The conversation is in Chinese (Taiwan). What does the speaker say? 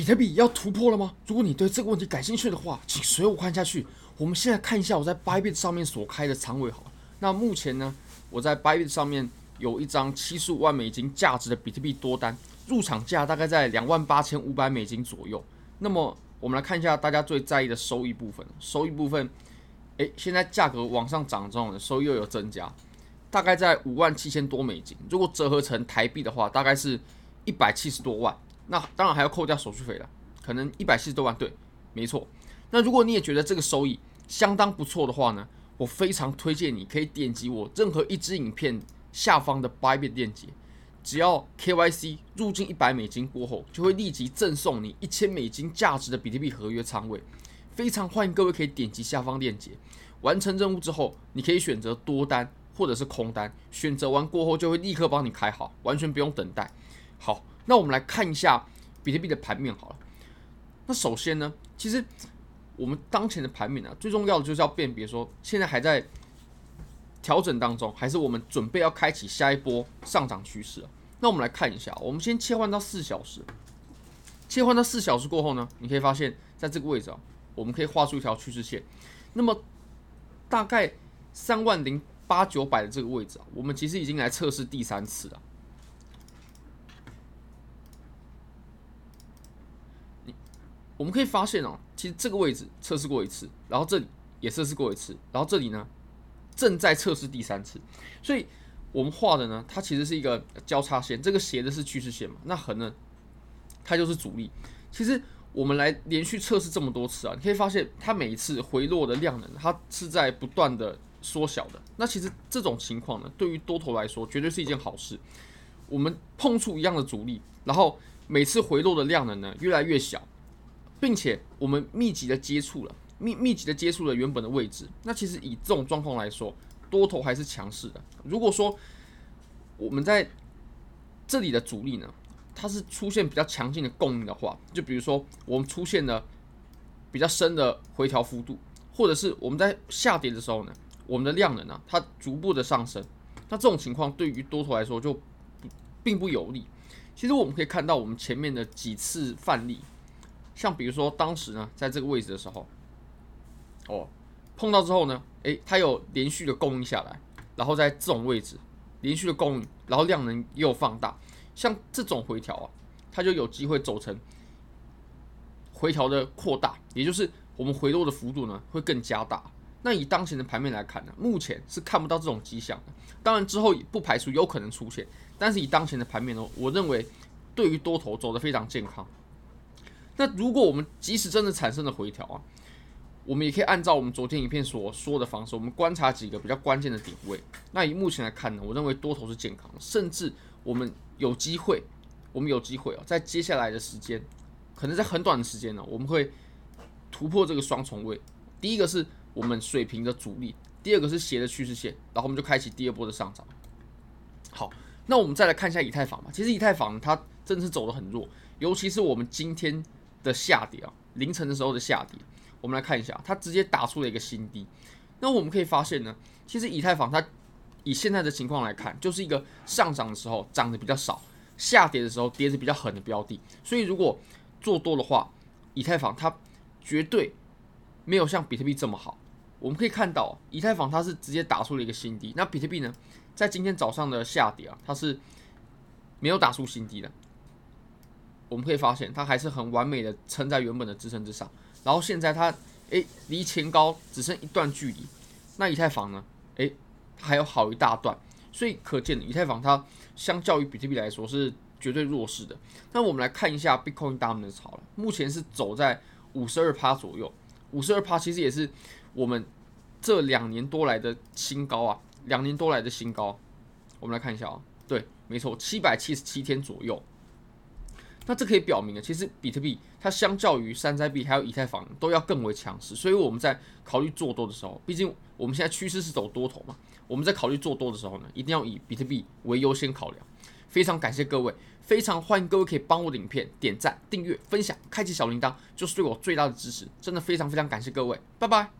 比特幣要突破了嗎？如果你對這個問題感興趣的話，請隨我看下去。我們現在看一下我在 Bybit 上面所開的倉位。好，那目前呢，我在 Bybit 上面有一張七十五萬美金價值的比特幣多單，入場價大概在兩萬八千五百美金左右。那麼我們來看一下大家最在意的收益部分。收益部分，誒、欸，現在價格往上漲，這種收益又有增加，大概在五萬七千多美金。如果折合成台幣的話，大概是一百七十多萬。那當然還要扣掉手續費了，可能一百七十多萬。對，沒錯。那如果你也覺得這個收益相當不錯的話呢，我非常推薦你可以點擊我任何一支影片下方的 Bybit 鏈接，只要 KYC 入金一百美金過後，就會立即贈送你一千美金價值的比特幣合約倉位。非常歡迎各位可以點擊下方鏈接，完成任務之後，你可以選擇多單或者是空單，選擇完過後就會立刻幫你開好，完全不用等待。好。那我們來看一下比特幣的盤面好了。那首先呢，其實我們當前的盤面呢、啊，最重要的就是要辨別說，現在還在調整當中，還是我們準備要開啟下一波上漲趨勢啊。那我們來看一下，我們先切換到四小時，切換到四小時過後呢，你可以發現在這個位置啊，我們可以畫出一條趨勢線。那麽大概三萬零八九百的這個位置啊，我們其實已經來測試第三次了。我們可以發現哦，其實這個位置測試過一次，然後這裡也測試過一次，然後這裡呢，正在測試第三次。所以我們畫的呢，它其實是一個交叉線，這個斜的是趨勢線嘛，那橫呢，它就是阻力。其實我們來連續測試這麼多次啊，你可以發現它每一次回落的量能，它是在不斷的縮小的。那其實這種情況呢，對於多頭來說，絕對是一件好事。我們碰觸一樣的阻力，然後每次回落的量能呢，越來越小。並且我們密集的接觸了，密密集的接觸了原本的位置。那其實以這種狀況來說，多頭還是強勢的。如果說我們在這裡的主力呢，它是出現比較強勁的供應的話，就比如說我們出現了比較深的回調幅度，或者是我們在下跌的時候呢，我們的量能呢、啊，它逐步的上升。那這種情況對於多頭來說就不並不有利。其實我們可以看到我們前面的幾次範例。像比如說當時呢，在這個位置的時候，哦，碰到之後呢，哎、欸，它有連續的供應下來，然後在這種位置連續的供應，然後量能又放大，像這種回調啊，它就有機會走成回調的擴大，也就是我們回落的幅度呢會更加大。那以當前的盤面來看呢，目前是看不到這種跡象的。當然之後不排除有可能出現，但是以當前的盤面呢，我認為對於多頭走得非常健康。那如果我們即使真的產生了回調啊，我們也可以按照我們昨天影片所說的方式，我們觀察幾個比較關鍵的點位。那以目前來看呢，我認為多頭是健康的，甚至我們有機會，我們有機會啊、哦，在接下來的時間，可能在很短的時間呢，我們會突破這個雙重位。第一個是我們水平的阻力，第二個是斜的趨勢線，然後我們就開啟第二波的上漲。好，那我們再來看一下以太坊吧。其實以太坊它真的是走得很弱，尤其是我們今天。的下跌啊，凌晨的時候的下跌，我們來看一下，它直接打出了一個新低。那我們可以發現呢，其實以太坊它以現在的情況來看，就是一個上漲的時候漲的比較少，下跌的時候跌的比較狠的標的。所以如果做多的話，以太坊它絕對沒有像比特幣這麼好。我們可以看到，以太坊它是直接打出了一個新低。那比特幣呢，在今天早上的下跌啊，它是沒有打出新低的。我們可以發現，它還是很完美的撐在原本的支撐之上。然後現在它，誒、欸、離前高只剩一段距離。那以太坊呢？它、欸、還有好一大段。所以可見，以太坊它相較於比特幣來說是絕對弱勢的。那我們來看一下 Bitcoin dominance，目前是走在五十二趴左右52。五十二趴其實也是我們這兩年多來的新高啊，兩年多來的新高。我們來看一下啊，對，沒錯，七百七十七天左右。那這可以表明呢，其實比特幣它相較於山寨幣還有以太坊都要更為強勢，所以我們在考慮做多的時候，畢竟我們現在趨勢是走多頭嘛，我們在考慮做多的時候呢，一定要以比特幣為優先考量。非常感謝各位，非常歡迎各位可以幫我的影片點讚、訂閱、分享、開啟小鈴鐺，就是對我最大的支持，真的非常非常感謝各位，拜拜。